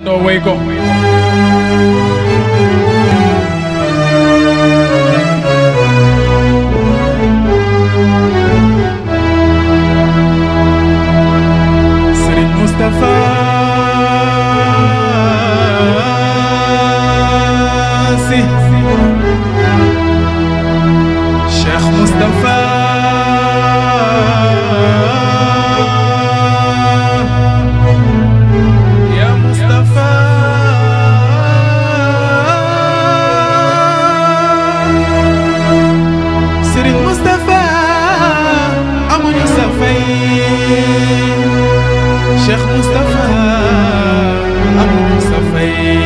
No, wake up. Cheikh Moustapha Abou Moustapha yi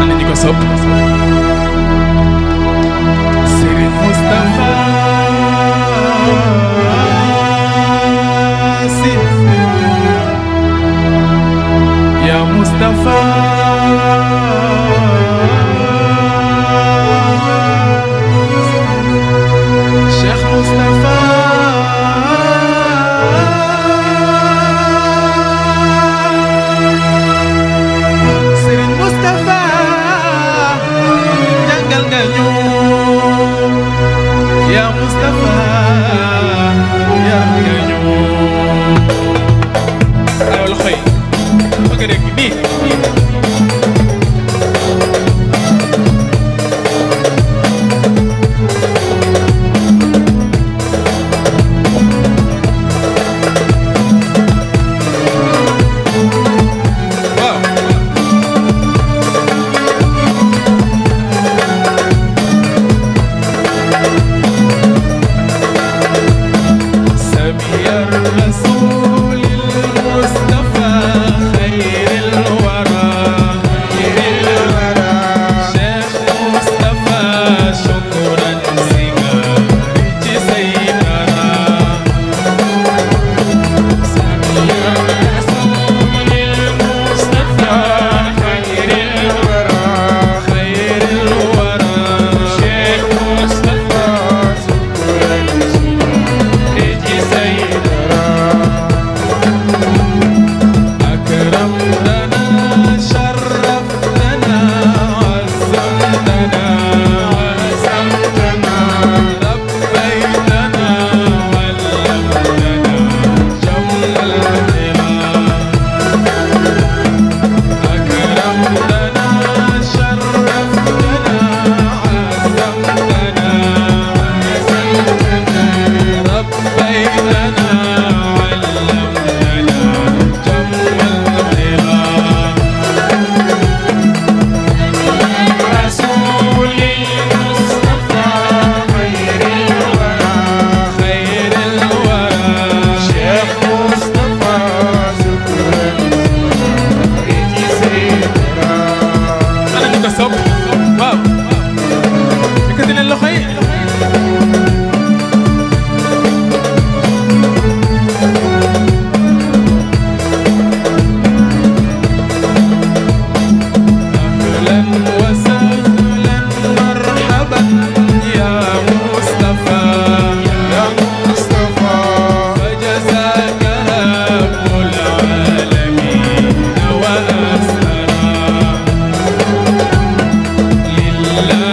ana ñi ko sopp love.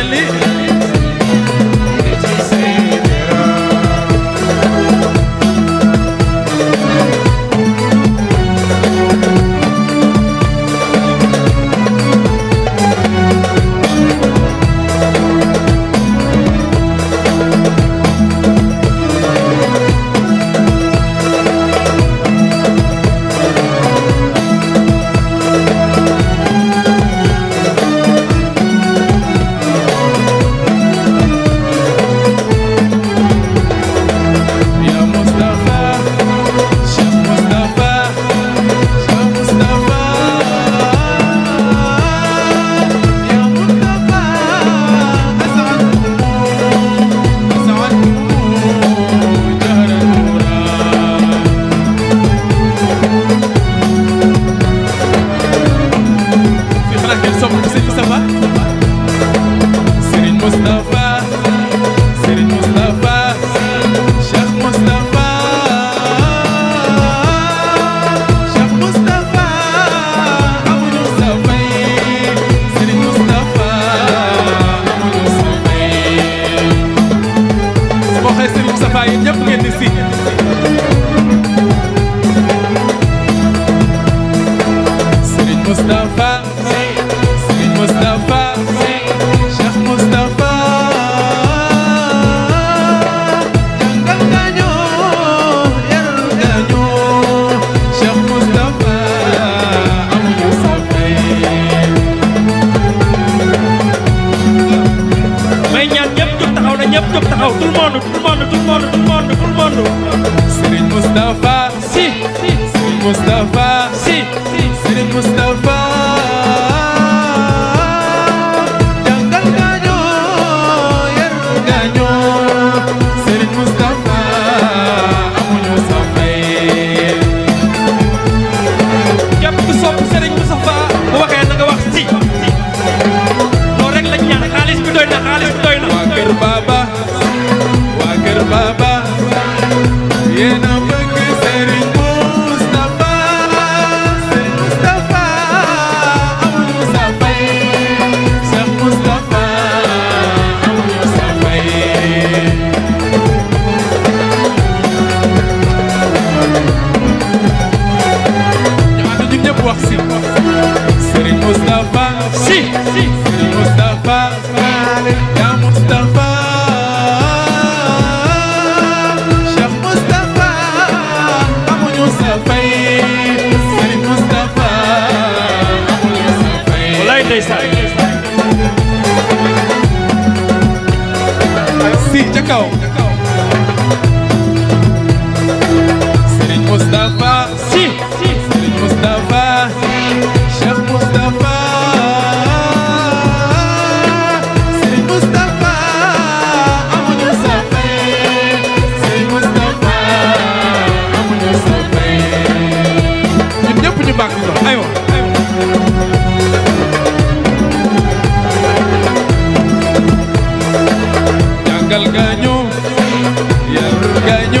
Feliz. ñëpp jóg taxaw tout le monde tout le monde tout le monde tout le monde tout le monde. Serigne Moustapha. si si Serigne Moustapha. Mustafa Saleh Mustafa tá Sheikh Mustafa Abu Yusufay Sali Mustafa Abu Yusufay Sim, Taysal Гоню